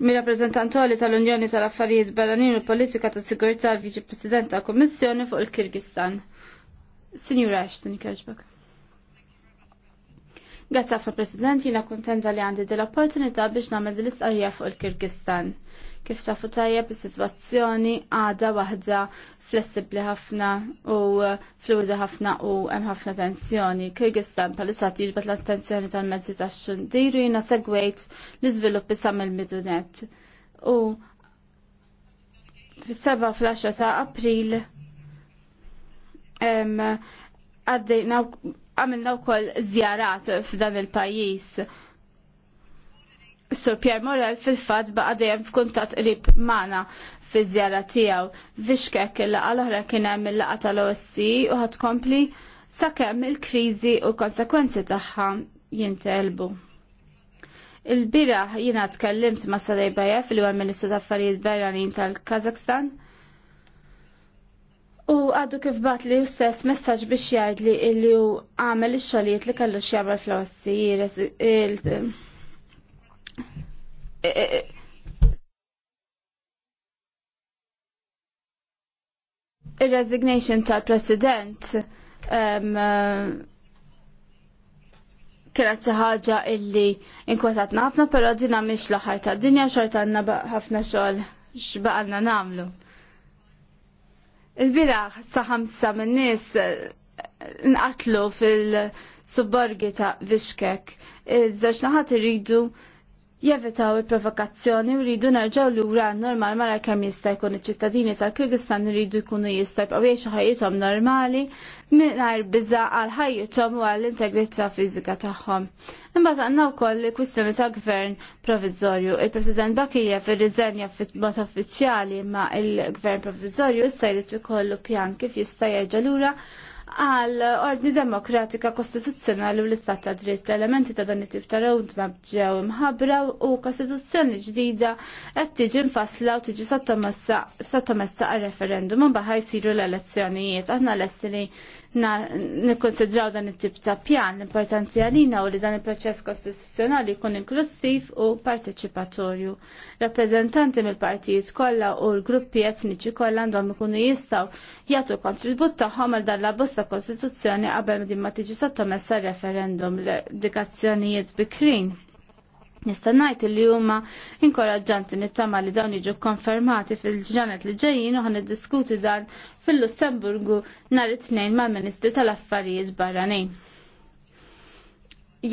mir-rappreżentantoli tal-Unjoni tal-Affarijiet Barranin u Politika ta' Sigurtà l-Viċi President ta' Kummissjoni fuq il-Kirgistan. Sinjura Ashton, kħeġbek. Grazie għafna President, jina kontenta li għandi dell-opportunità biex namel l istqarrija fuq il-Kirgistan. Kif tafu tajjeb is-sitwazzjoni għada waħda flessibli ħafna u fluwida ħafna u hemm ħafna tensjoni. Kirgistan palissa jiġbet l-attenzjoni tal-mezzi tax-xundiru jina segwejt l-iżviluppi sam il midunet U fis-7 fl-10 ta' April għaddejna għamilna wkoll żjarat f'dan il-pajjiż Sur Pierre Morel fil-fat baqa dejjem f'kuntat qrib mana fiż-żjara tiegħu. Vixkek il-laqa l-oħra kien hemm il-laqa tal-OSC u ħad kompli sakemm il-kriżi u konsekwenzi tagħha jintelbu. Il-biraħ jiena tkellimt ma' Sadej Bajev li huwa Ministru ta' affarijiet Barranin tal-Kazakstan. U għaddu kif bat li stess messaġġ biex jgħid li li għamel ix-xogħlijiet li kellu x'jagħmel fl-OSC il-resignation tal-president um, kienet xi ħaġa illi inkwetat ħafna, però dinha mhix l-aħħar tad-dinja xorta għandna ħafna xogħol x'baqalna nagħmlu. Il-biraħ sa ħamsa min-nies eh, nqatlu fil-suborgi ta' Bishkek. Iż-żewġ naħat irridu jevitaw il-provokazzjoni u rridu nerġaw lura normal mara kemm jista' jkun iċ-ċittadini tal-Kirgistan rridu jkunu jista' u jgħixu ħajjithom normali mingħajr biża għal ħajjithom u għall integrità fiżika tagħhom. Imma għandna wkoll kwistjoni ta' gvern proviżorju. Il-President Bakijev irriżenja fit-mod uffiċjali ma' il-gvern proviżorju issa jrid ikollu pjan kif jista' jerġa' lura għal ordni demokratika kostituzzjonali u l-istat ta' dritt l-elementi ta' dan it-tip ta' ma' ġew imħabbra u kostituzzjoni ġdida qed tiġi mfassla u tiġi sottomessa għal referendum u baħaj jsiru l-elezzjonijiet aħna l-estini nikkonsidraw dan it-tip ta' pjan l-importanti għalina u li dan il-proċess kostituzzjonali jkun inklusiv u parteċipatorju. Rappreżentanti mill-partijiet kollha u l-gruppi etniċi kollha għandhom ikunu jistgħu jagħtu kontribut tagħhom għal dan l-abbozz ta' kostituzzjoni qabel din ma tiġi sottomessa referendum l dikazzjonijiet bikrin Nista' ngħid li huma inkoraġġanti nittama li dawn jiġu konfermati fil-ġranet li ġejjin u ħaniddiskuti dan fil-Lussemburgu nhar it-tnejn mal-Ministri tal-Affarijiet Barranin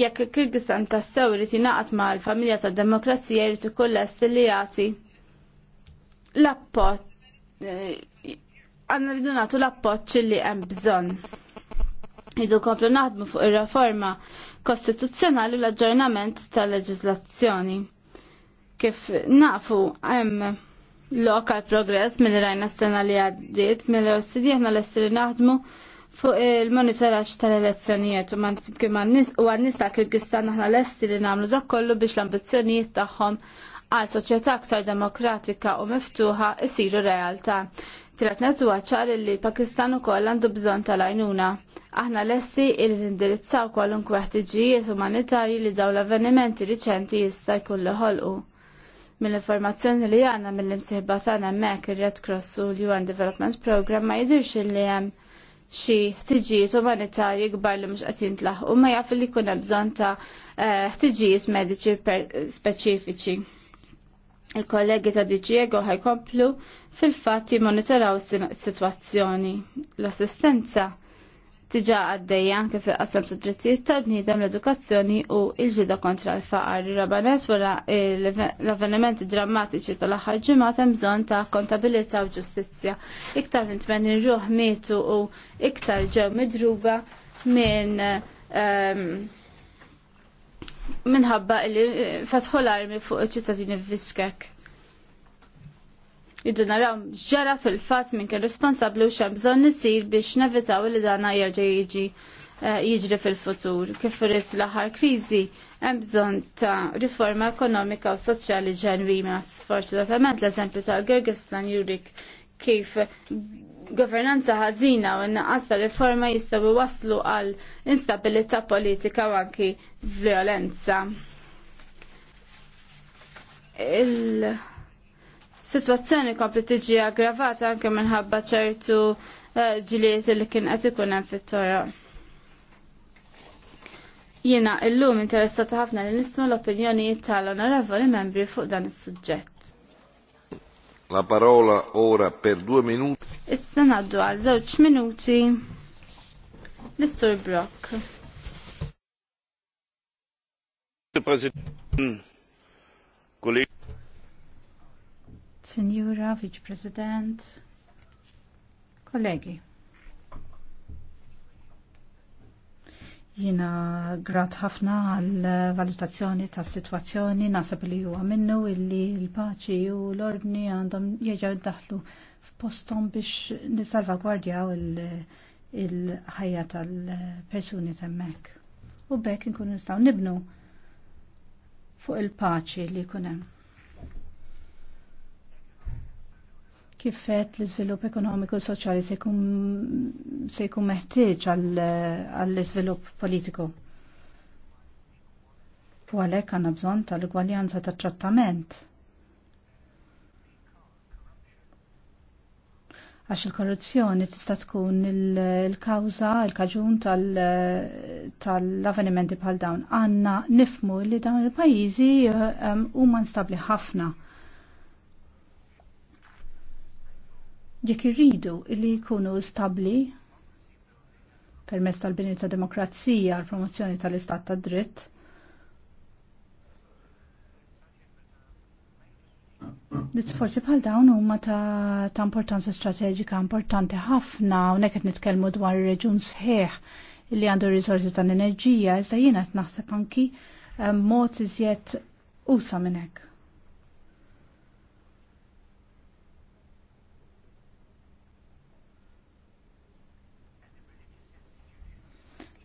jekk il-Kirgistan tassew irid jingħaqad mal familja tad demokrazija jrid ikoll lest li jagħti l-appoġġ eh, għandna rridu nagħtu l-appoġġ li hemm bżonn. Idu komplu naħdmu fuq ir-reforma kostituzzjonali u l-aġġornament tal-leġislazzjoni. Kif nafu hemm lokal progress mill rajna s-sena li għaddiet mill ossidi aħna l-estri naħdmu fuq il-monitoraġġ tal-elezzjonijiet u għan u Kirgistan aħna l-estri li nagħmlu dak kollu biex l-ambizzjonijiet tagħhom għal soċjetà aktar demokratika u miftuħa isiru realtà. Tirat huwa ċar li l-Pakistan ukoll għandu bżonn tal-għajnuna. Aħna lesti il indirizzaw kwalunkwe ħtiġijiet umanitarji li daw l-avvenimenti riċenti jista' jkun ħolqu. Mill-informazzjoni li għandna mill-imsieħba tagħna hemmhekk ir-Red Cross u l-UN Development Program ma jidhirx li hemm xi ħtiġijiet umanitarji kbar li mhux qed u ma jaf li jkun hemm bżonn ta' eh, ħtiġijiet mediċi speċifiċi. Il-kollegi ta' Diġiego ħajkomplu fil-fatt jimmonitoraw is-sitwazzjoni. L-assistenza tiġa għaddejja anke fil qasam ta' drittijiet ta' bnidem l-edukazzjoni u l-ġida kontra l-faqar. Rabanet wara l-avvenimenti drammatiċi tal-aħħar ġimgħat hemm bżonn ta' kontabilità u ġustizzja. Iktar minn tmenin ruħ mietu u iktar ġew midruba minn ehm, minħabba li fatħu l-armi fuq iċ-ċittadini f'Bishkek. Jiddu naraw ġara fil-fat minn kien responsabli u xem bżon nisir biex nevitaw li dana jerġa' jiġi eh, jiġri fil-futur. Kif irrid l-aħħar kriżi hemm bżonn ta' riforma ekonomika u soċjali ġenwima. Sfortunatament l-eżempju ta' Gergistan jurik kif governanza ħażina u n-naqas tal-riforma jistgħu waslu għal instabilità politika u anki violenza. Il-situazzjoni kompli tiġi aggravata anke minħabba ċertu eh, ġiliet li kien qed ikun hemm fit tora Jiena illum interessata ħafna li nisma' l opinjoni tal-onorevoli membri fuq dan is-suġġett. La parola ora per due minuti. Issa naddu għal żewġ minuti l-Istur Brock. Hmm, Signora, Vice President, kollegi. Jina grat ħafna għal valutazzjoni ta' situazzjoni nasab li huwa minnu illi l-paċi u l-ordni għandhom jeġa daħlu f'postom biex nissalvagwardjaw il-ħajja tal-persuni temmek. U bekk nkun nistaw nibnu fuq il-paċi li kunem. Kifet l-izvilup ekonomiku u soċjali se jkun meħtieġ għall-izvilup politiku. U għalhekk għandna bżonn tal gwaljanza tat-trattament għax il-korruzzjoni tista' tkun il-kawża, il-kaġun tal-avvenimenti bħal dawn. Għanna nifmu li dawn il-pajjiżi ehm, huma nstabli ħafna. Jekk irridu li jkunu stabli permezz tal-bini ta' demokrazija, l-promozzjoni tal-istat ta' dritt, l bħal dawn huma ta', ta importanza strateġika importanti ħafna u qed nitkellmu dwar reġun sħiħ li għandu risorsi tal enerġija iżda jiena qed naħseb anki eh, mod iżjed usa minn hekk.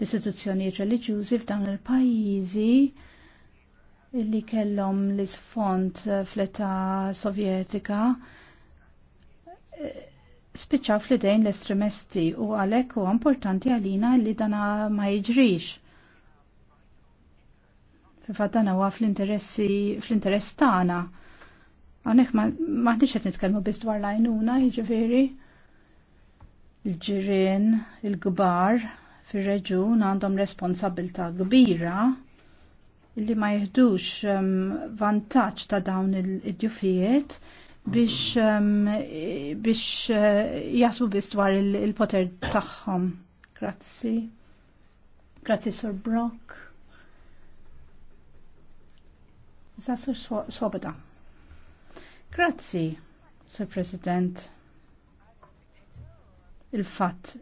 L-istituzzjonijiet reliġjużi f'dawn il-pajjiżi illi kellhom l-isfond eh, fl-età sovjetika eh, spiċċaw fl-idejn l-estremisti u għalhekk huwa importanti għalina li dana ma jiġrix. Fifat dan huwa fl-interessi fl-interess tagħna. Għonek maħniċ qed nitkellmu biss dwar lajnuna, jiġifieri il-ġirien, il-gbar fir-reġun għandhom responsabilta kbira li ma jihdux um, vantaġġ ta' dawn id-djufijiet biex um, biex uh, jasbu biss dwar il-poter tagħhom. Grazzi. Grazzi Sur Brock. Zasur Swoboda. Grazzi, Sur President. Il-fatt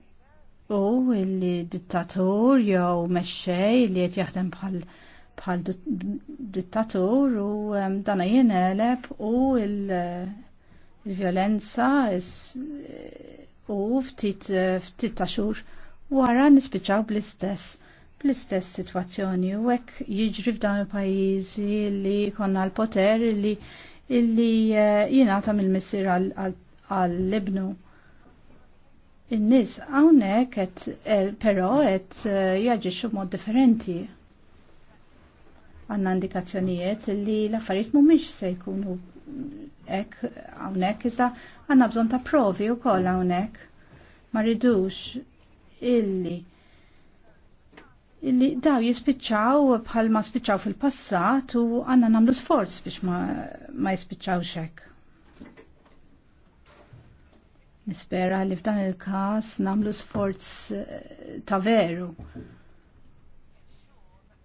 u il-dittatur jew mexxej li qed jaħdem bħal bħal dittatur u dana jineleb u eh, il-violenza eh, u eh, ftit ta' xhur wara nispiċaw bl-istess bl-istess situazzjoni u hekk jiġri f'dan il-pajjiżi li konna l-poter li illi jingħata mill-missier għall-libnu. In-nies hawnhekk qed però qed jaġixxu mod differenti għanna indikazzjonijiet li l-affarijiet mhumiex se jkunu hekk hawnhekk iżda għandna bżonn ta' provi wkoll hawnhekk. Ma rridux illi illi daw jispiċċaw bħal ma spiċċaw fil-passat u għanna namlu sforz biex ma, ma jispiċċaw xek. Nispera li f'dan il-kas namlu sforz eh, ta' veru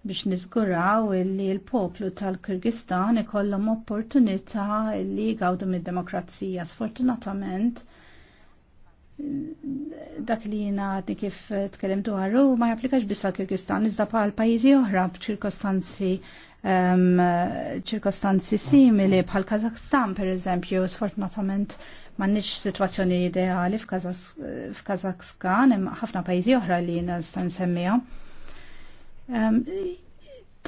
biex nizguraw illi l-poplu tal-Kirgistan ikollhom opportunità li jgawdu mid-demokrazija. Sfortunatament, dak li jina għadni kif tkellem għarru ma japplikax biss għal Kirgistan, iżda bħal pajjiżi oħra b'ċirkostanzi ċirkostanzi um, simili bħal Kazakstan per eżempju, sfortunatament m'għandniex sitwazzjoni ideali f'Kazakstan, ħafna pajjiżi oħra li jina nista' nsemmija Ehm,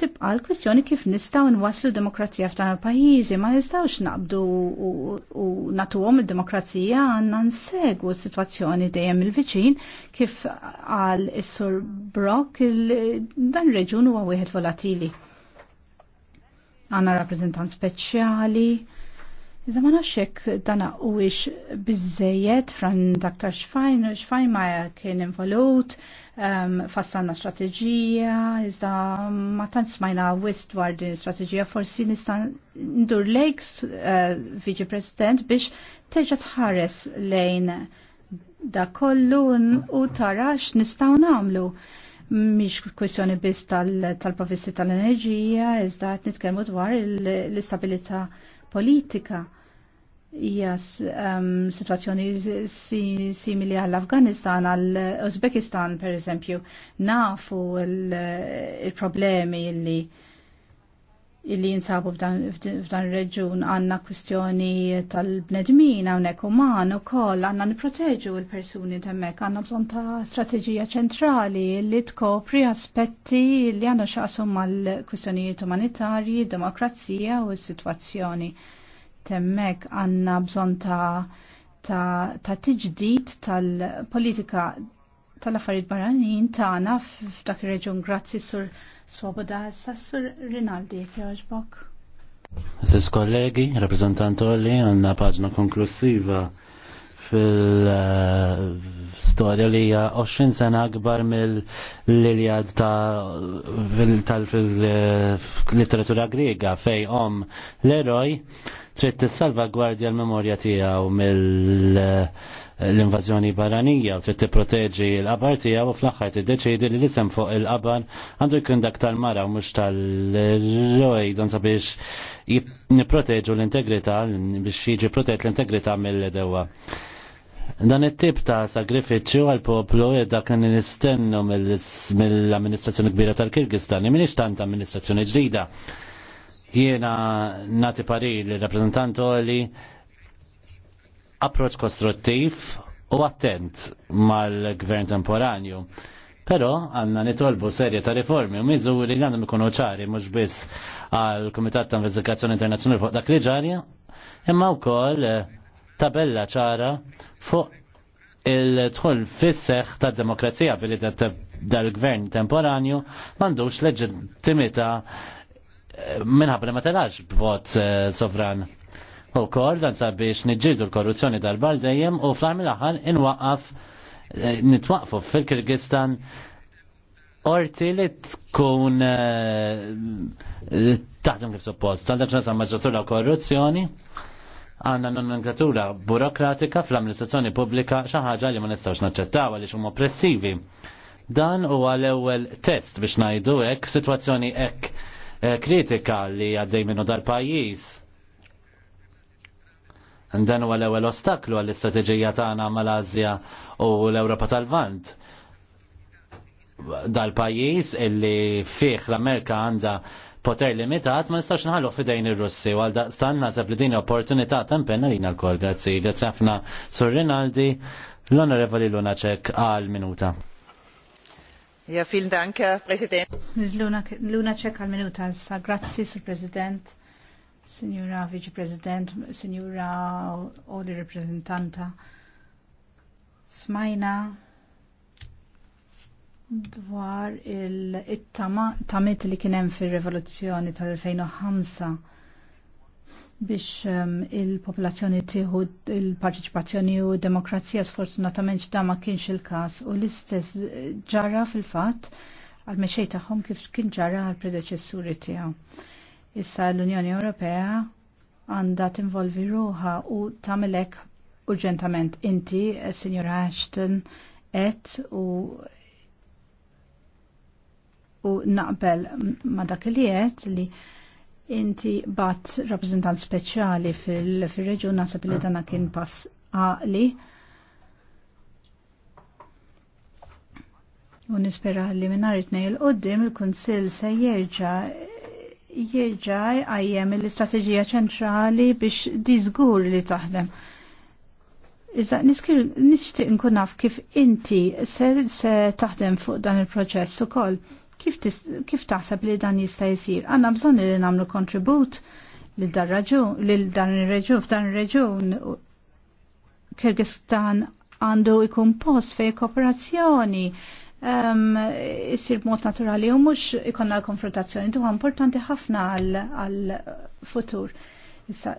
tibqa l-kwestjoni kif nistaw nwaslu demokrazija f'dan il-pajjiżi, ma nistawx naqbdu u natuhom id-demokrazija għandna nsegwu s-sitwazzjoni dejjem il-viċin kif għal is-sur Brock dan reġun huwa wieħed volatili. Għandna rappreżentant speċjali. Iżda ma nafx hekk dan huwiex biżejjed fran Dr. Schfein, Schfein ma kien involut fassanna strateġija, iżda ma tantx smajna wist dwar din strateġija, forsi nista' ndur lejk eh, Viċi President biex terġa' tħares lejn da kollu u tarax nistgħu nagħmlu miex kwestjoni biss tal-provvisti tal-enerġija, iżda qed nitkellmu dwar l-istabilità politika yes, um, situazzjoni simili għall-Afganistan, għall-Uzbekistan per eżempju, nafu il-problemi il illi illi jinsabu f'dan reġun għanna kwistjoni tal-bnedmin għawnek uman u koll għanna niproteġu il-personi temmek għanna bżon ta' strategija ċentrali li tkopri aspetti li għanna xaqsum għal kwistjonijiet umanitarji, demokrazija u s-situazzjoni temmek għanna bżon ta' ta', ta tiġdid tal-politika tal-affarijiet barranin tagħna f'dak ir-reġjun. Grazzi sur Swoboda, Sassur Rinaldi, jekk jogħġbok. Assis kollegi, rappresentantoli, għandna paġna konklusiva fil-storja eh, li hija 20 sena akbar mill-Iliad fil eh, literatura griega fej om l-eroj trid tissalvagwardja l-memorja tiegħu mill-invażjoni barranija u trid tipproteġi l-qabar tiegħu u fl-aħħar tiddeċiedi li l-isem fuq il-qabar għandu jkun dak tal-mara u mhux tal-roj dan sabiex nipproteġu l-integrità biex jiġi protet l-integrità mill-dewa. Dan it-tip ta' sagrifiċċju għal poplu edha kien nistennu mill-amministrazzjoni kbira tal-Kirgistani, minix tant amministrazzjoni ġdida. Jiena nati paril li rappresentant li approċ kostruttiv u attent mal-gvern temporanju. Pero għanna nitolbu serje ta' riformi u miżuri li għandhom ikunu ċari mhux biss għal Kumitat ta' Investigazzjoni Internazzjonali fuq dak li ġarja, imma wkoll eh, tabella ċara fuq il tħol fisseħ ta' demokrazija billi dal-gvern temporanju mandux leġittimita minħabba li ma telax b'vot eh, sovran. U kol dan sabiex nġildu l-korruzzjoni tal-baldejem dejjem u fl-għamil aħan inwaqqaf eh, nitwaqfu fil-Kirgistan orti li tkun eh, taħdem kif suppost. Għal dak nasa maġġatura korruzzjoni għanna nomenklatura burokratika fl-amministrazzjoni pubblika xaħġa li ma nistawx naċċettaw għaliex huma oppressivi. Dan huwa l-ewwel test biex ngħidu hekk f'sitwazzjoni hekk Eh, kritika li għaddej minnu dal-pajis. Dan huwa l-ewwel ostaklu għall-istrateġija tagħna mal azja u l-Ewropa tal-Vant. Dal-pajjiż illi fih l-Amerika għandha poter limitat ma nistax nħallu fidejn ir-Russi u għal stanna sepp li din opportunità tempenna li nalkol. grazzi. Grazzi ħafna Sur Rinaldi, l-Onorevoli Lunaċek għal minuta. Ja, vielen Dank, Herr Präsident. Ms. Luna ċek għal-minuta, sa grazzi, President, Signora Vice President, Signora Oli Representanta. Smajna dwar il-tamit li kienem fil-revoluzzjoni tal-2005 biex um, il-popolazzjoni tieħu il-parteċipazzjoni u demokrazija sfortunatament da ma kienx il-każ u l-istess eh, ġara fil-fatt għal mexej tagħhom kif kien ġara għal predeċessuri tiegħu. Issa l-Unjoni Ewropea għandha tinvolvi ruħa u hekk urġentament inti, eh, Sinjora Ashton, et u u naqbel ma dak li li Inti bat rappresentant speċjali fil reġjun nasab li dana kien pass għaqli. U nispera li minnar itnej il-qoddim il-Kunsil se jirġa jirġa għajjem l-istrateġija ċentrali biex diżgur li taħdem. Iżda nixtieq nkun naf kif inti se, se taħdem fuq dan il-proċess ukoll. Kif, kif taħseb li dan jista' jsir? Għandna bżonn li nagħmlu kontribut lil dan raġun, lil dan ir-reġun f'dan ir-reġun Kirgistan għandu ikun post fej kooperazzjoni um, ehm, jisir mod naturali u mux ikonna konfrontazzjoni. duha importanti ħafna għal-futur. Issa,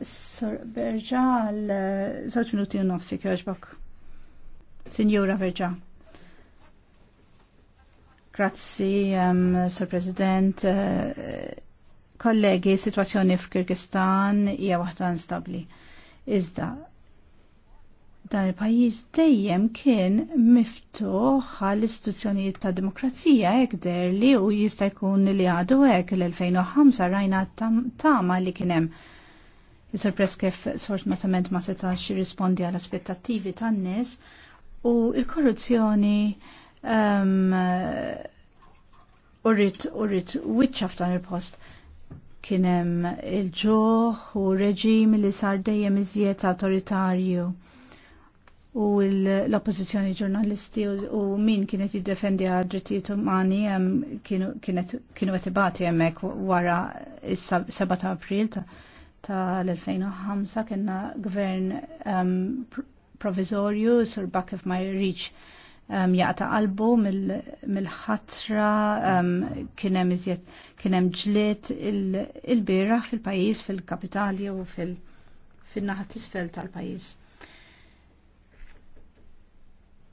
berġa għal eh, żewġ minuti u nofsi kjoġbok. Signora Verġa. Grazzi, um, Sir President. Uh, kollegi, situazzjoni f'Kirgistan hija waħda instabli. Iżda, dan il-pajjiż dejjem kien miftuħ għall istituzzjonijiet ta' demokrazija hekk derli u jista' jkun li għadu hekk l-2005 rajna tama li kien hemm. Is-sorpress kif sfortunatament ma setax jirrispondi għall aspettattivi tan-nies u l-korruzzjoni urrit urrit wiċċa f'dan il-post kienem il-ġoħ u reġim li sar dejjem iżjed autoritarju u l-oppozizjoni ġurnalisti u min kienet jiddefendi għad drittijiet umani kienu għetibati jemmek wara il-7 ta' april tal-2005 kienna gvern provizorju sur Bakif ma jirriċ um, jaqta' qalbu mill-ħatra mil um, kienem ġliet il-bira il fil-pajis, fil-kapitali u fil-naħat isfel tal-pajis.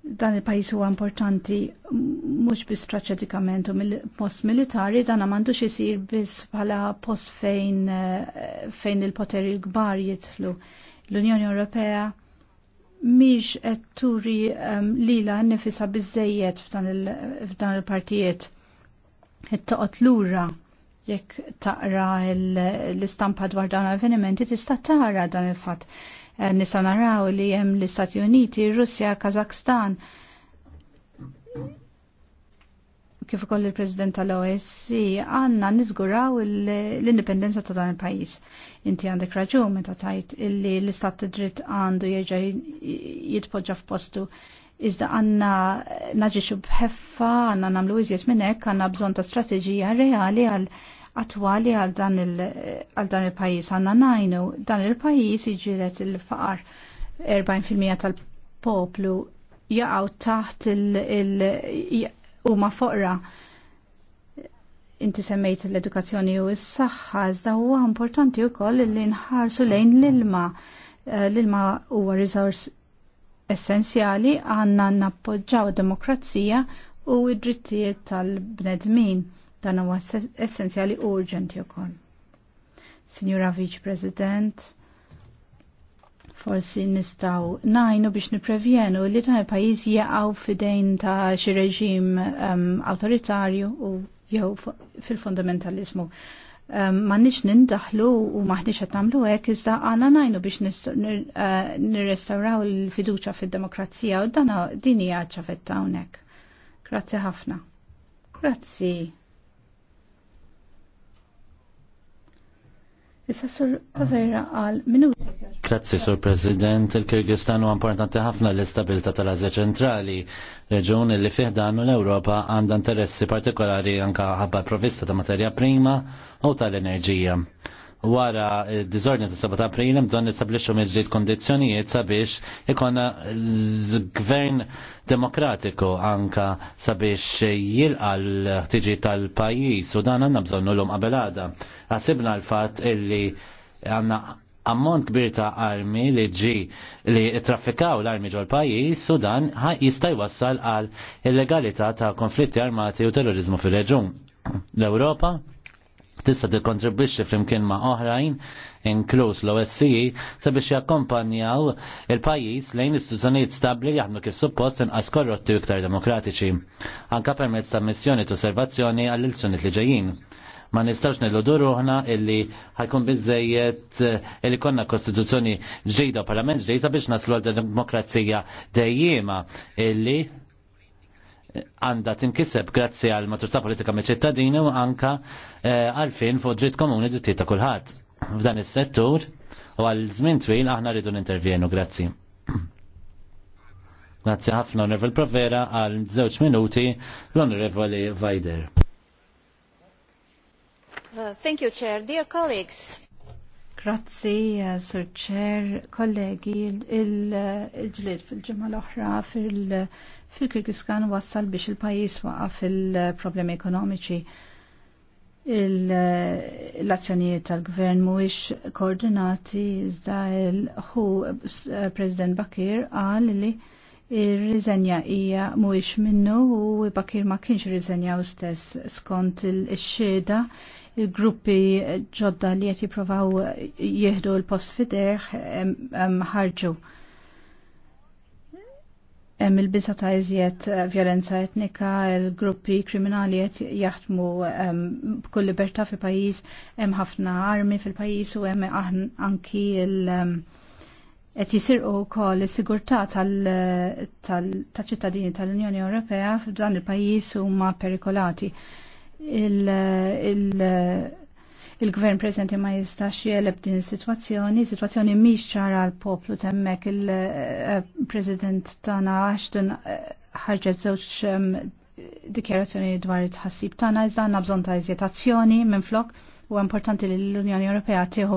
Dan il-pajis huwa importanti mhux bi traċedikament u mill-post militari dan m'għandux isir biss bħala post fejn eh, fejn il-poteri l-kbar jitlu. L-Unjoni Ewropea miex qed turi um, lila nifisa bizzejiet f'dan il-partijiet il it-toqgħod lura jekk taqra l-istampa dwar dan l-avvenimenti tista' tara dan il-fatt. Eh, Nisa naraw li hemm l-Istati Uniti, Russja, Kazakstan kif ukoll il-President tal-OSC għandna niżguraw l-indipendenza ta' dan il-pajjiż. Inti għandek raġun meta tajt illi l-istat dritt għandu jerġa' jitpoġġa f'postu. Iżda għanna naġiċu bħeffa, għanna namlu iżjed minnek, għanna bżon ta' strategija reali għal attwali għal dan il-pajis. Il għanna najnu dan il-pajis iġilet il-faqar 40% tal-poplu jaqaw taħt il-, il huma foqra. Inti semmejt l-edukazzjoni u s-saħħa, iżda huwa importanti wkoll li nħarsu lejn l-ilma. Eh, l-ilma huwa riżors essenzjali għandna nappoġġaw demokrazija u id-drittijiet tal-bnedmin dan huwa essenzjali urġenti wkoll. Signora Vice President, forsi nistaw najnu biex niprevjenu li dan il-pajis jaqaw fidejn ta' xi reġim um, autoritarju u jew fil-fundamentalizmu. Um, ma nix nindaħlu u maħniċ għet namlu għek, iżda għana najnu biex uh, nirrestawraw il-fiduċa fil-demokrazija u dana dini għadċa fetta unek. Grazie ħafna. Grazie. Issa sur għavera għal minuti. Grazzi, Sur President. Il-Kirgistan huwa importanti ħafna l-istabilità tal-Azja ċentrali, reġun li fih dan l-Ewropa għandha interessi partikolari anka ħabba provvista ta' materja prima u tal-enerġija. Wara d-dizorni ta' 7 april dan nistablixxu mill-ġdid kondizzjonijiet sabiex ikonna l-gvern demokratiku anka sabiex jilqa l-ħtiġi tal-pajjiż u dan għandna bżonnu l qabel qabelada. Għasibna l-fatt illi għanna ammont kbir ta' armi li ġi li traffikaw l-armi ġol pajis Sudan jista' jwassal għal illegalità ta' konflitti armati u terrorizmu fil-reġun. L-Ewropa tista' tikkontribwixxi flimkien ma' oħrajn inkluż l-OSCE sabiex jakkompanjaw il-pajjiż lejn istituzzjonijiet stabbli jaħdmu kif suppost inqas korrotti u iktar demokratiċi, anka permezz ta' missjoni t osservazzjoni għall-elezzjonijiet li ġejjin Ma nell nilludu ruħna illi ħajkun bizzejiet eh, illi konna kostituzzjoni ġdida, parlament ġdida biex naslu għal demokrazija dejjema illi eh, għanda tinkiseb grazzi għal maturta politika me ċittadini u anka eh, għalfin fuq dritt komuni dritti ta' kulħadd. F'dan is-settur u għal żmien twil aħna rridu nintervjenu, grazzi. Grazzi ħafna Onorevol Provera għal żewġ minuti l-Onorevoli Vajder. Uh, thank you, Chair. Dear colleagues. Grazzi, uh, Sir Chair, kollegi, uh, il-ġlid fil-ġimma l-oħra fil-Kirgiskan wassal biex il-pajis waqa fil-problemi ekonomiċi. L-azzjonijiet tal-gvern mhuwiex koordinati iżda l-ħu President Bakir qal li ir-riżenja hija mhuwiex minnu u Bakir ma kienx u stess skont il-xhieda il xhieda il il-gruppi ġodda li qed jippruvaw jieħdu l-post fideħ ħarġu. Hemm il-biża ta' iżjed violenza etnika, il-gruppi kriminali qed jaħdmu b'kull libertà fil pajjiż hemm ħafna armi fil-pajjiż u hemm anki il- qed jisirqu wkoll is-sigurtà tal-ċittadini tal-Unjoni Ewropea f'dan il-pajjiż huma perikolati il-gvern Presenti ma jistax jeleb din is-sitwazzjoni, sitwazzjoni mhix ċara l poplu temmek il-President eh, tagħna Ashton eh, ħarġet żewġ dikjerazzjoni dwar it-ħassib tagħna iżda nabżon bżonn ta' iżjed azzjoni minflok u importanti li l-Unjoni Ewropea tieħu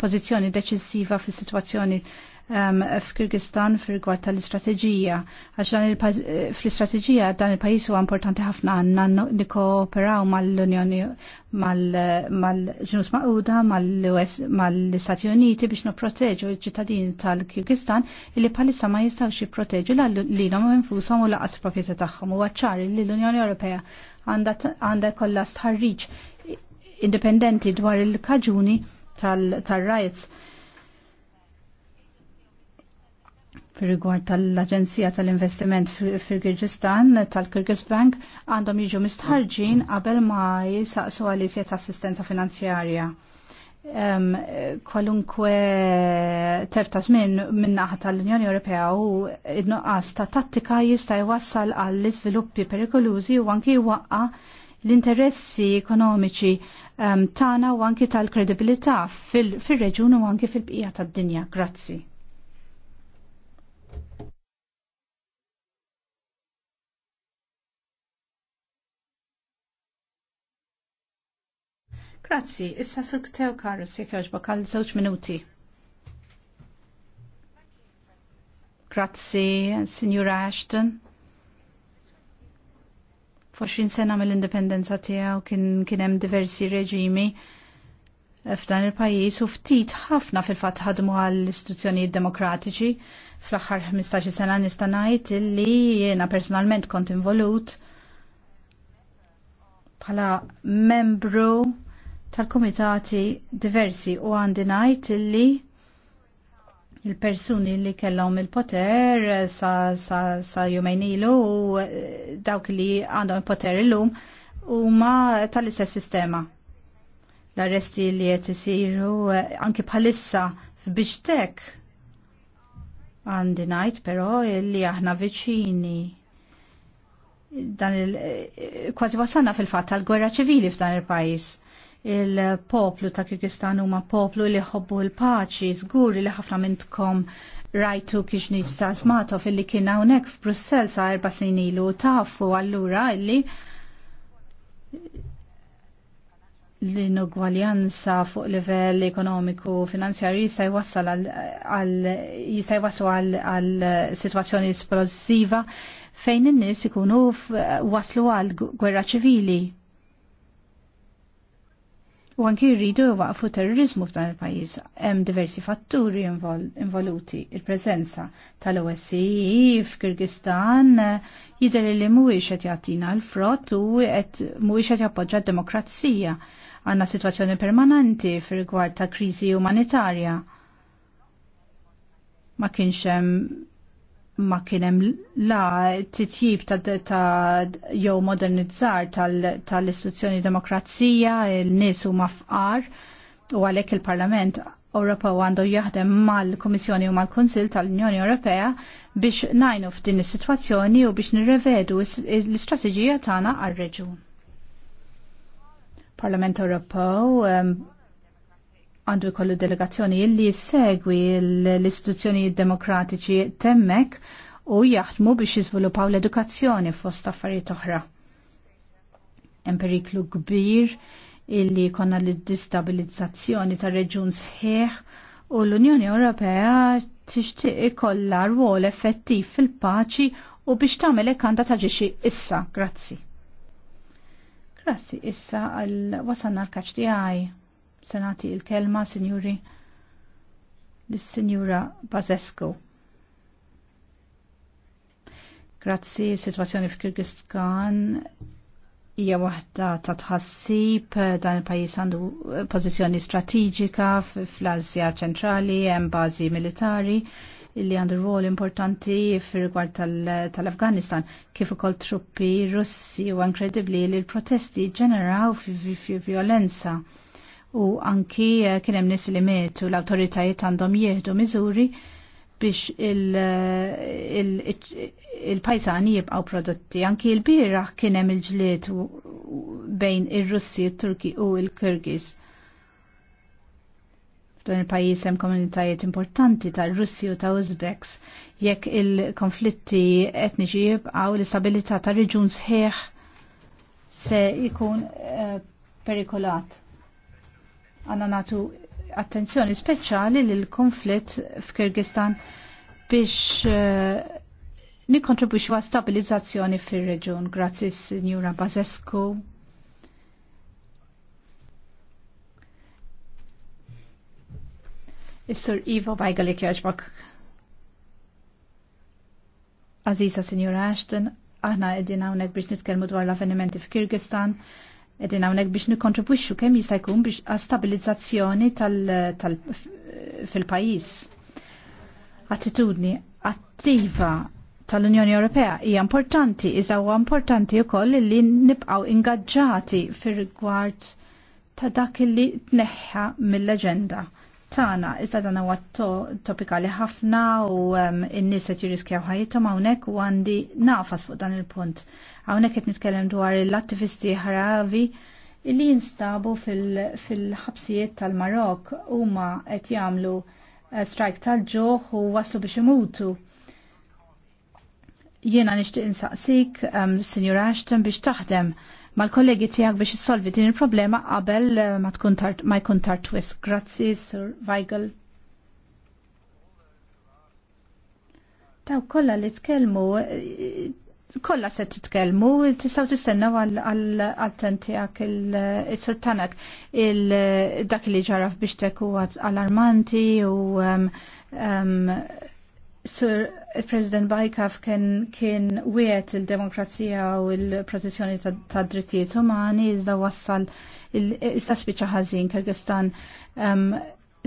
pożizzjoni deċisiva fis-sitwazzjoni um, f'Kirgistan fil tal-istrateġija. Għax fl-istrateġija dan il-pajis huwa importanti ħafna għandna nikkooperaw mal-Unjoni mal-ġnus maquda, mal-Istati Uniti biex nipproteġu l-ċittadini tal-Kirgistan illi bħalissa ma jistawx jipproteġu lilhom infushom u laqas proprjetà tagħhom. u għacċari li l-Unjoni Ewropea għandha kollha stħarriġ indipendenti dwar il-kaġuni tal-rajts. Tal fir rigward tal-Aġenzija tal-Investiment fil-Kirgistan tal-Kirgis Bank għandhom jiġu mistħarġin qabel ma jisaqsu għal iżjed assistenza finanzjarja. Um, kwalunkwe terf ta' żmien minn naħa tal-Unjoni Ewropea u id-nuqqas ta' tattika jista' jwassal għall iżviluppi perikolużi u anki waqqa l-interessi ekonomiċi um, tana u anki tal-kredibilità fil-reġun u anki fil-bqija tad-dinja. Grazzi. Grazzi, issa sulktew karus jek joġbok għal żewġ minuti. Grazzi, Signora Ashton. Forxin sena mill-indipendenza tiegħu kien hemm diversi reġimi f'dan il-pajis u ftit ħafna fil-fatt ħadmu għall istituzzjonijiet demokratiċi. Fl-aħħar 15 sena nista' ngħid illi jiena personalment kont involut bħala membru tal-komitati diversi u għandi ngħid illi il-persuni li kellhom il-poter sa, sa, sa jumejn ilu u eh, dawk li għandhom il-poter illum huma tal-istess sistema. L-arresti li qed isiru eh, anki bħalissa f'Bixtek għandi ngħid però li aħna viċini dan il eh, kważi wasanna fil-fatt tal-gwerra ċivili f'dan il-pajjiż il-poplu ta' Kirgistan huma poplu li ħobbu l-paċi, żgur li ħafna minnkom rajtu kiex nista' smato fil-li kien hawnhekk f'Brussell sa' erba' snin ilu tafu allura illi l-inugwaljanza fuq livell ekonomiku finanzjarju jista' jwassal għal jista' jwasslu għal sitwazzjoni esplosiva fejn in-nies ikunu waslu għal gwerra ċivili U anki rridu jwaqfu terrorizmu f'dan il-pajjiż. Hemm diversi fatturi involuti. il prezenza tal-OSCE f'Kirgistan eh, jidher li mhuwiex qed jagħtina l-frott u qed mhuwiex qed jappoġġa d-demokrazija. Għandna sitwazzjoni permanenti fir-rigward ta' kriżi umanitarja. Ma kienx hemm ma kienem la titjib ta', ta jew modernizzar tal-istituzzjoni tal demokrazija, il-nis u mafqar u għalek il-Parlament Ewropew għandu jaħdem mal-Komissjoni u mal-Konsil tal-Unjoni Ewropea biex najnu f'din is-sitwazzjoni u biex nirrevedu l-istrateġija tagħna għar-reġun. Parlament Ewropew għandu jkollu delegazzjoni illi jissegwi l-istituzzjonijiet demokratiċi temmek u jaħdmu biex jiżviluppaw l-edukazzjoni fost affarijiet oħra. Hemm periklu kbir illi konna l-distabilizzazzjoni tar-reġun sħiħ u l-Unjoni Ewropea tixtieq ikollha rwol effettiv fil-paċi u biex tagħmel hekk għandha taġixi issa. Grazzi. Grazzi issa għal wasalna l-kaċ tiegħi senati il-kelma, Sinjuri, l-Sinjura Bazesco. Grazzi, situazzjoni f'Kirgistan hija waħda ta' tħassib dan il-pajjiż għandu pożizzjoni strateġika fl-Asja ċentrali hemm bażi militari li għandu rwol importanti fir-rigward tal-Afganistan kif ukoll truppi Russi u inkredibbli li l-protesti ġeneraw fi violenza u anki eh, kien hemm nies li metu l-awtoritajiet għandhom jieħdu miżuri biex il-pajsani eh, jibqaw prodotti. Anki il-biraħ kienem il-ġliet bejn il-Russi, il-Turki u il kirgis Dan il-pajis hemm komunitajiet importanti tal-Russi u ta' Uzbeks. Jekk il-konflitti etniċi jibqaw l-istabilità ta' reġun sħiħ se jkun uh, perikolat għanna natu attenzjoni speċjali lill konflitt f'Kirgistan biex uh, eh, nikontribuċu għal stabilizzazzjoni fir-reġun. Grazzi Signora Bazescu. Is-Sur Ivo Bajgalik jaġbak. Aziza Signora Ashton, aħna qegħdin hawnhekk biex nitkellmu dwar l-avvenimenti f'Kirgistan. Edin għawnek biex nikontribwixxu kemm jista' jkun biex għastabilizzazzjoni fil-pajis. Attitudni attiva tal-Unjoni Ewropea hija importanti, iżda huwa importanti wkoll li nibqgħu ingaġġati fir-rigward ta' dak li tneħħa mill-aġenda tana. Iżda dan huwa topikali ħafna u n-nies qed jirriskjaw ħajjithom hawnhekk u għandi nafas fuq dan il-punt. Hawnhekk qed niskellem dwar l-attivisti ħravi li jinstabu fil-ħabsijiet tal-Marok huma qed jagħmlu eh, strajk tal-ġoħ u waslu biex imutu. Jiena nixtieq insaqsik, um, Sinjur Ashton, biex taħdem mal-kollegi tiegħek biex issolvi din il-problema qabel eh, ma tkun ma jkun tard wisq. Grazzi, Sir Weigel. Taw kollha li tkellmu eh, kollha se titkellmu, tistgħu tistennew għal-ten tiegħek il-Sir eh, Tanak dak li ġaraf biex tek huwa allarmanti u Sir President Bajkaf kien kien wiet il-demokrazija u il-protezzjoni tad drittijiet umani iżda wassal iżda spiċċa ħażin Kyrgyzstan um,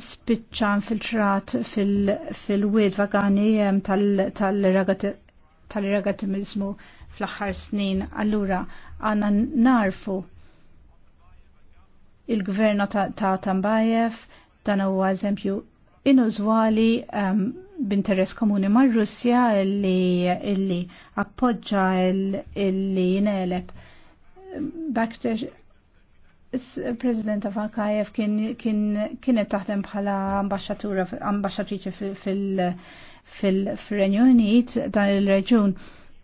spiċċa infiltrat fil-wied vagani tal ragatimizmu fl-aħħar snin. Allura għandna narfu il-gvern ta' Tambajev dan huwa eżempju inużwali um, b'interess komuni mar russja illi, illi appoġġa illi jinelep. Bakter President Afakajev kienet kien, kien taħdem bħala ambasċatura, ambasċatriċi fil-Renju Unit dan il-reġun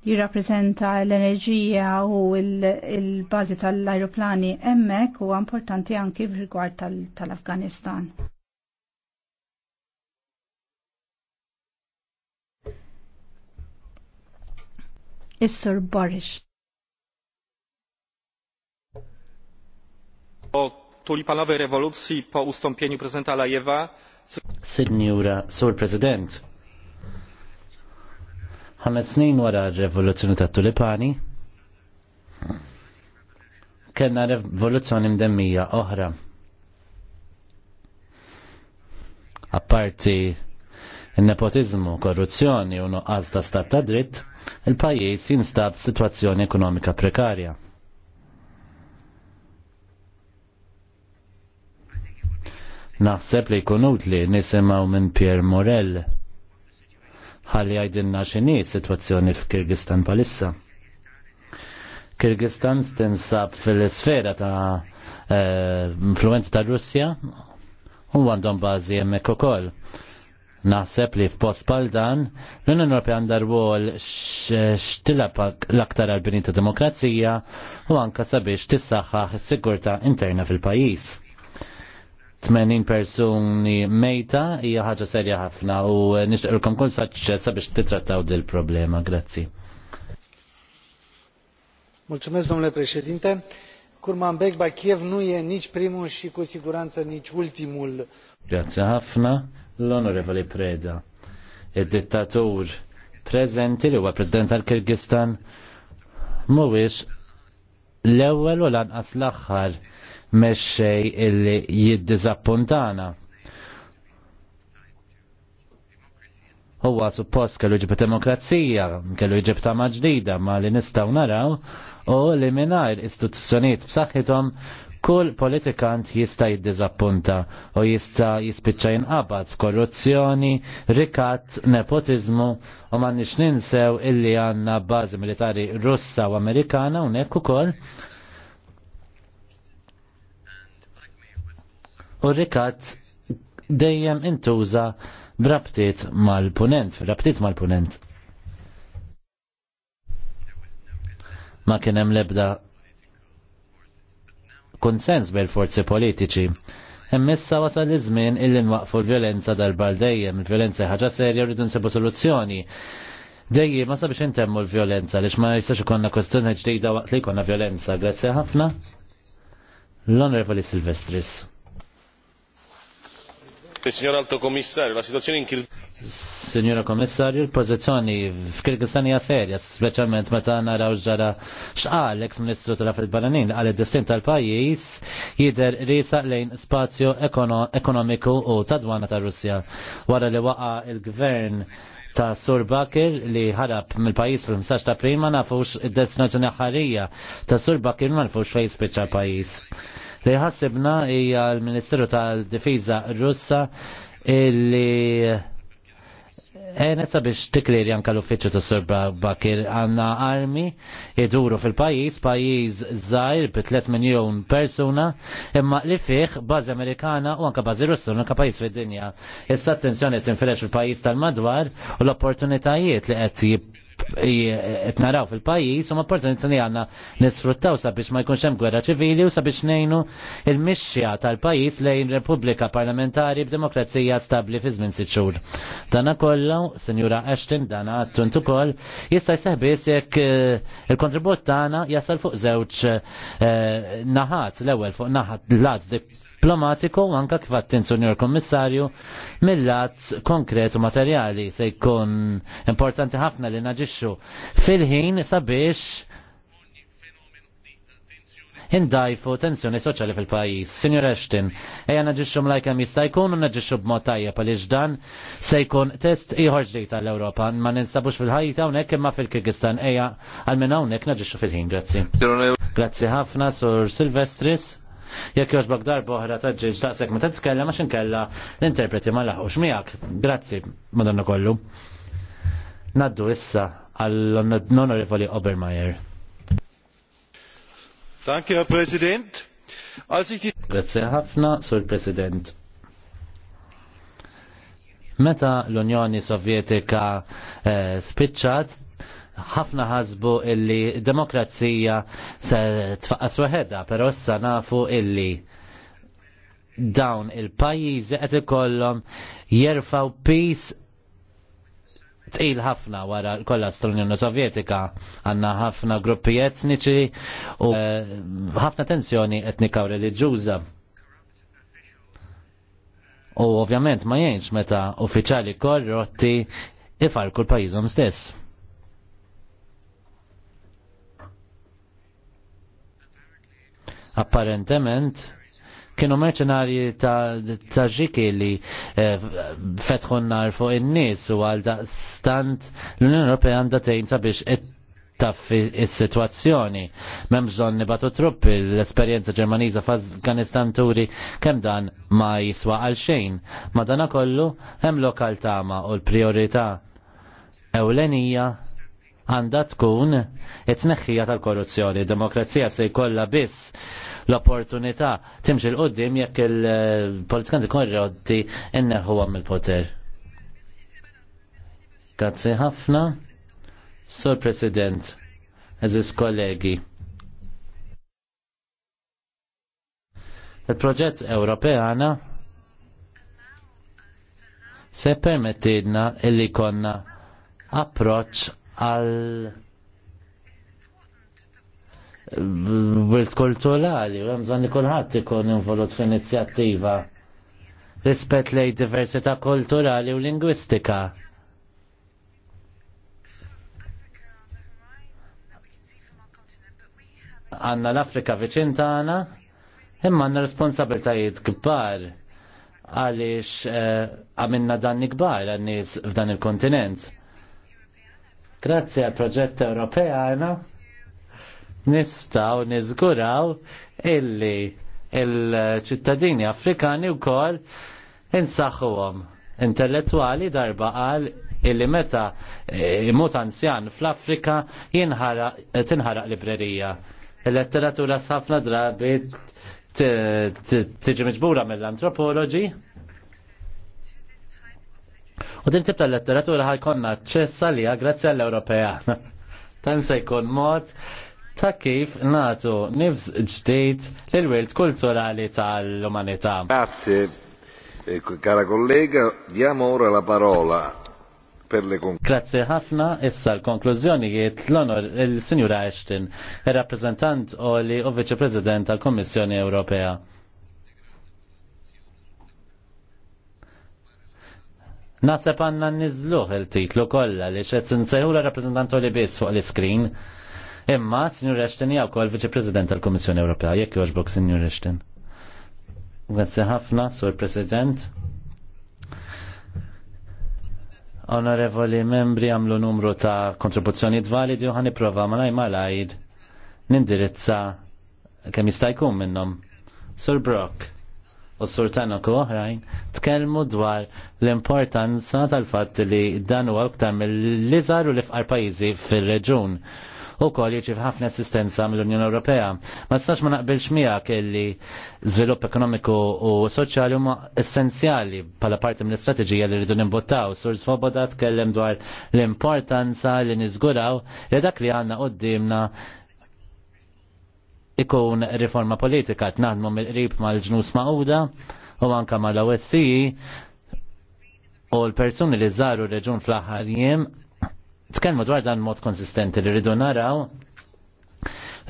jirrapprezenta l-enerġija u il-bazi tal ajruplani emmek u importanti anki rigward tal-Afganistan. Is-Sur Boris. O tulipanowej rewolucji po ustąpieniu prezydenta Lajewa. Signora, Sur Prezydent. Ħames snin wara r ta' tulipani, Kenna revoluzzjoni mdemmija oħra. Apparti il-nepotizmu, korruzzjoni u nuqqas ta' stat ta' dritt, il-pajis jinstab situazzjoni ekonomika prekarja. Naħseb li jkunut li nisimaw minn Pierre Morell ħalli għajdinna xini situazzjoni f'Kirgistan palissa. Kirgistan stinsab fil-sfera ta' eh, influenza ta' Russja u għandhom bazi jemmek u koll Naħseb li f'post pal dan, l-Unjoni Ewropea għandha rwol x'tilab l-aktar għal bini ta' demokrazija u anka sabiex tissaħħaħ is-sigurtà interna fil-pajjiż. 80 persuni mejta hija ħaġa serja ħafna u nixtieqlkom kull saċċess sabiex titrattaw dil problema. Grazzi. Mulțumesc, domnule președinte kurman Begba kiev nu e nici primul și cu siguranță nici ultimul. Grazie ħafna l-Onorevoli Preda. Id-dittatur prezenti li huwa President tal-Kirgistan mhuwiex l-ewwel u lanqas l-aħħar mexxej illi jiddiżappuntana. Huwa suppost kellu jġib demokrazija, kellu jġib tama ġdida ma li nistgħu naraw u li mingħajr istituzzjonijiet b'saħħithom kull politikant jista' jiddiżappunta u jista' jispiċċa jinqabad f'korruzzjoni, rikat, nepotizmu u ma nix ninsew illi għandna bażi militari Russa u Amerikana hawnhekk ukoll. U rikat dejjem intuża brabtiet mal-punent, rabtiet mal-punent. Ma kien hemm l-ebda konsens bil-forzi politiċi. Emmissa wasal iż-żmien illi nwaqfu l-violenza darbal dejjem, il-violenza ħaġa serja rridu nsibu soluzzjoni. Dejji, ma sabiex intemmu l-violenza lix ma jistax ikonna kwestjoni ġdida waqt li jkollna violenza. Grazzi ħafna. L-Onorevoli Silvestris. Signor Alto Commissario, la situazione in Signora Komissarju, l-pozizjoni f'Kirgistan hija serja, speċjalment meta naraw ġara x'qal l-eks ministru tal-Affarijiet Barranin għal id-destin tal-pajjiż jidher risa lejn spazju ekonomiku u tadwana tar-Russja wara li waqa' il-gvern ta' Sur Bakir li ħarab mill-pajis fil-15 ta' prima nafux id-destinazzjoni ħarija ta' Sur Bakir ma nafux fejn spiċċa pajis. Li ħassibna hija l ministru tal-Difiża Russa illi Enesa eh, biex tikleri anka l-uffiċċju ta' Sir Bakir għanna armi iduru fil-pajis, pajis zaħir bi 3 miljon persuna, imma li fih bazi Amerikana u anka bazi Russu, anke pajis fid-dinja. Issa attenzjoni tinfilex fil-pajis tal-madwar u l-opportunitajiet li qed qed naraw fil-pajjiż huma opportunità li għandna nisfruttaw sabiex ma jkunx hemm gwerra ċivili u sabiex ngħinu il-mixja tal-pajjiż lejn Repubblika Parlamentari b'demokrazija stabbli fi żmien siċur. Dana kollu, Sinjura Ashton, dana għattunt ukoll jista' jseħħ biss jekk eh, il-kontribut tagħna jasal fuq żewġ eh, naħat l-ewwel fuq naħat lat diplomatiku u anke kif għattin Sinjur Kommissarju mill-lat konkret u materjali se jkun importanti ħafna li naġi naġixxu fil-ħin sabiex indajfu tensjoni soċjali fil-pajis. Signor Ashton, eja naġiċu mlajka jista' jkun u naġiċu b tajjeb għaliex dan se jkun test ieħor ġdid tal-Europa, Ma ninsabux fil-ħajta unek imma fil-Kirgistan eja għalmen hawnhekk naġiċu fil-ħin, grazzi. Grazzi ħafna, Sur Silvestris. Jekk joġ bagdar boħra taġġiġ daqshekk ma t-tkella għax inkella l-interpreti ma laħux Mijak, Grazzi, madonna kollu. Naddu issa għall-Onorevoli Obermeyer. Danke, Herr Präsident. Grazie ħafna, Sur President. Meta l-Unjoni Sovjetika eh, spiċċat, ħafna ħasbu illi demokrazija se tfaqqas weħedha, però issa nafu illi dawn il-pajjiżi qed ikollhom jerfaw peace tqil ħafna wara kollha l-Unjoni Sovjetika għandna ħafna gruppi etniċi u eh, ħafna tensjoni etnika u reliġjuża. U ovvjament ma jgħinx meta uffiċjali korrotti ifarku l-pajjiżhom stess. Apparentement, kienu merċenarji ta' ġiki li eh, fetħu n-nar fuq in-nies u għal stant l-Unjoni Ewropea għandha tgħin sabiex taffi il sitwazzjoni M'hemm nibatu truppi l-esperjenza Ġermaniża f'Afganistan turi kemm dan ma jiswa għal xejn. Madanakollu hemm lokal tama u l-priorità ewlenija għandha tkun it-tneħħija tal-korruzzjoni. Demokrazija se jkollha biss l-opportunità timxi l-qoddim jekk il-politikanti korrotti inneħu għam il-poter. Grazzi ħafna. Sur President, eżis kollegi. Il-proġett Ewropeana se permettidna illi konna approċ għal B-bilt kulturali, u għamżan li kullħat ikun involut f'inizjattiva rispett lej diversità kulturali u lingwistika. Għanna l-Afrika viċin tagħna, imma għanna responsabiltajiet kbar għaliex eh, għamilna dan kbar għan-nies f'dan il-kontinent. Grazzi għal proġett Ewropea għana nistaw nizguraw illi il-ċittadini Afrikani u kol insaxuwom. Intellettuali darba għal illi meta eh, imut anzjan fl-Afrika tinħaraq librerija. Il-letteratura sħafna drabi tiġi miġbura mill-antropoloġi. U din tibta l-letteratura ħajkonna ċessa li grazzi għall-Ewropea. Tan se jkun mod ta' kif natu nifs ġdejt l-wirt kulturali tal-umanità. Grazie, kara eh, kollega, diamo ora la parola per le conclusioni. Grazie ħafna, issa l-konklużjonijiet l-onor il-Sinjura Ashton, il-rappresentant li u viċe-president tal-Kommissjoni Ewropea. Naseb għanna nizluħ il-titlu kolla li xed nsejħu l-rappresentant Oli bis fuq l screen Imma, Sinjur Ashton, jgħu kol viċi-president tal-Komissjoni Ewropea, jekk joġbok, signor Ashton. Grazie ħafna, Sur President. Onorevoli membri għamlu numru ta' kontribuzzjoni validi u ħani prova ma laj ma lajd nindirizza kemm jista' jkun minnhom. Sur Brock u Sur Tanok oħrajn tkellmu dwar l-importanza tal-fatt li dan huwa aktar mill lizar u l-ifqar pajjiżi fir-reġun u kol jirċiv ħafna assistenza mill-Unjoni Ewropea. Ma stax ma naqbilx miegħek kelli żvilupp ekonomiku u soċjali huma essenzjali bħala parti mill-istrateġija li rridu nimbottaw. Sur Svoboda tkellem dwar l-importanza li niżguraw li dak li għandna qudiemna ikun riforma politika tnaħdmu mill-qrib mal-ġnus ma'uda u anka mal-OSCE u l-persuni li żaru reġun fl-aħħar jiem tkellmu dwar dan mod konsistenti li rridu naraw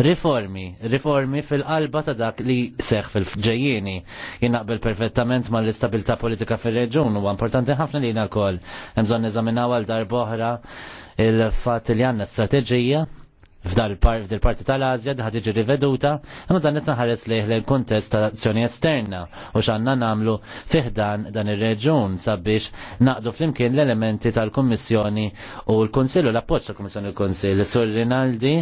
Riformi, riformi fil-qalba ta' dak li seħ fil-ġejjini. Jinaqbel perfettament ma' l-istabilta politika fil-reġun u importanti ħafna li jina l-kol. Mżon nizaminaw għal darboħra il-fat li għanna strategija f'dil-parti tal-Azja ħad tiġi riveduta, imma dan qed naħares lejh lejn kuntest ta' azzjoni esterna u x'għandna nagħmlu fiħdan dan ir-reġun sabiex naqdu flimkien l-elementi tal-Kummissjoni u l-Kunsill u l-appoġġ tal-Kummissjoni u l-Kunsill. Sur Rinaldi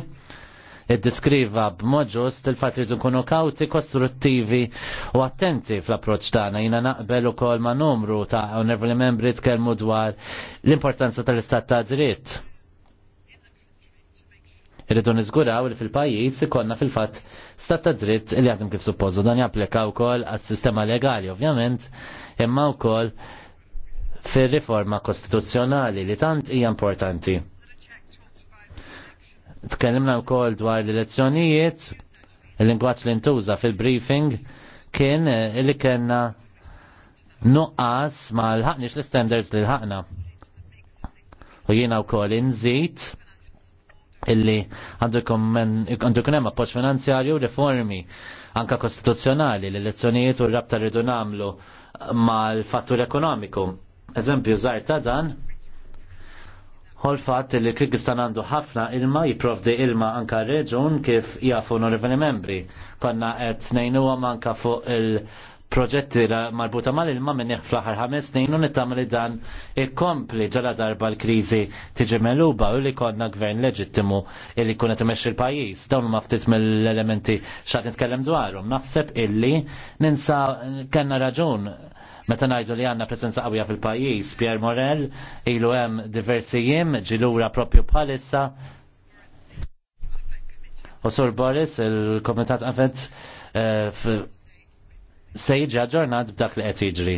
id-diskriva b'mod ġust il-fat li tkunu kawti, kostruttivi u attenti fl-approċ tagħna. Jiena naqbel ukoll ma' numru ta' onorevoli membri tkellmu dwar l-importanza tal-istat ta' dritt Irridu niżguraw li fil-pajjiż ikollna fil fat stat ta' dritt li jaħdem kif suppożu dan japplika wkoll għas-sistema legali ovvjament, imma wkoll fir-riforma kostituzzjonali li tant hija importanti. Tkellimna wkoll dwar l-elezzjonijiet, il-lingwaġġ li ntuża fil-briefing kien li kellna nuqqas ma l-ħaqniex l-standards li l-ħaqna. U jiena wkoll inżid illi għandu jkun hemm finanzjarju riformi anka kostituzzjonali l-elezzjonijiet u r-rabta rridu nagħmlu mal-fattur ekonomiku. Eżempju żgħar ta' dan Hol fatt li Kirgistan għandu ħafna ilma jiprovdi ilma anka reġun kif jafu reveni membri. Konna qed nejnu anka fuq il- proġetti marbuta mal-ilma minn fl-aħħar ħames snin u nittama li dan ikkompli ġala darba l-kriżi tiġi meluba u li konna gvern leġittimu li kuna timexxi l-pajjiż. Dawn huma ftit mill-elementi xaħt nitkellem dwarhom. Naħseb illi ninsa kellna raġun meta ngħidu li għandna presenza qawwija fil-pajjiż. Pierre Morel ilu hemm diversi jiem ġilura propju bħalissa. U Sur Boris, il-Komitat Għafet eh, se jiġi aġġornat b'dak li qed jiġri.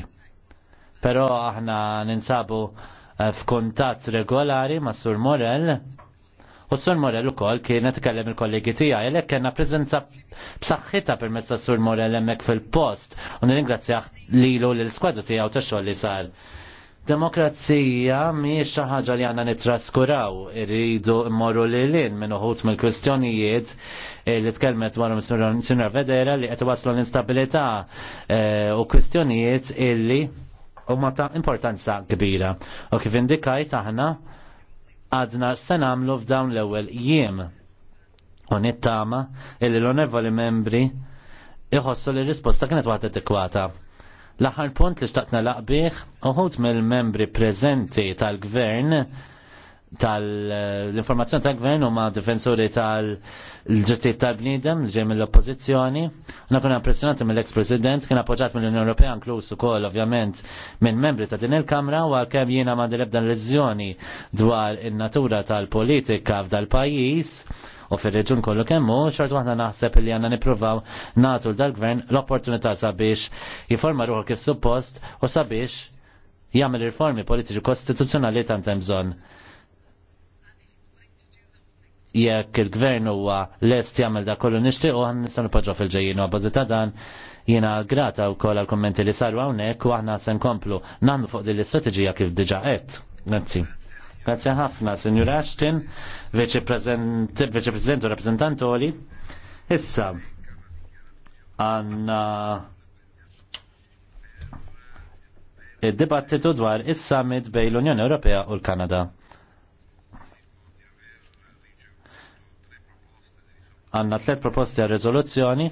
Però aħna ninsabu eh, f'kuntatt regolari ma' Sur Morel u Sur Morel ukoll kien qed ikellem il-kollegi tiegħi għalhekk kellna preżenza b'saħħitha permezz ta' Sur Morel hemmhekk fil-post u nirringrazzjah lilu lill skwadra tiegħu tax-xogħol li sar. Demokrazija mhijiex xi ħaġa li għandna nittraskuraw, irridu mmorru lil min minn uħud mill-kwistjonijiet Eh, li tkellmet warum Sinra Vedera li qed waslu l-instabilità eh, u kwistjonijiet illi huma ta' importanza kbira. U kif indikajt aħna għadna se nagħmlu f'dawn l-ewwel jiem. U nittama illi l-onevoli membri iħossu li risposta kienet waħda adekwata. L-aħħar punt li xtaqna laqbih uħud mill-membri preżenti tal-gvern tal-informazzjoni tal-gvern u ma' difensuri tal-ġittijiet tal-bnidem, ġej mill-oppozizjoni. Una kuna impressionati mill-ex-president, kien appoġġat mill-Unjoni Ewropea, inkluż ukoll ovvjament minn membri ta' din il-Kamra, u għalkemm jiena ma' dilebda lezzjoni dwar in-natura tal-politika f'dal pajjiż u fil-reġun kollu kemmu, xortu waħna naħseb li għanna niprovaw natu l-dal-gvern l-opportunità sabiex jiforma ruħu kif suppost u sabiex jagħmel riformi politiċi kostituzzjonali tant hemm bżonn jekk il-gvern huwa lest jagħmel da kollu nixtieq u nistgħu nipoġġa fil-ġejjin u ta' dan jiena grata wkoll għall kummenti li saru hawnhekk u aħna se nkomplu nagħmlu fuq din l-istrateġija kif diġà qed. Grazzi. Grazzi ħafna, Sinjur Ashton, Viċi President u Rappresentant Oli. Issa, għanna id-dibattitu dwar is-summit bejn l-Unjoni Ewropea u l-Kanada. Għanna tlet proposti għal rezoluzzjoni